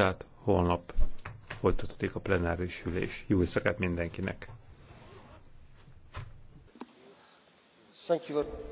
tehát holnap folytatódik a plenáris ülés. Jó éjszakát mindenkinek! Thank you.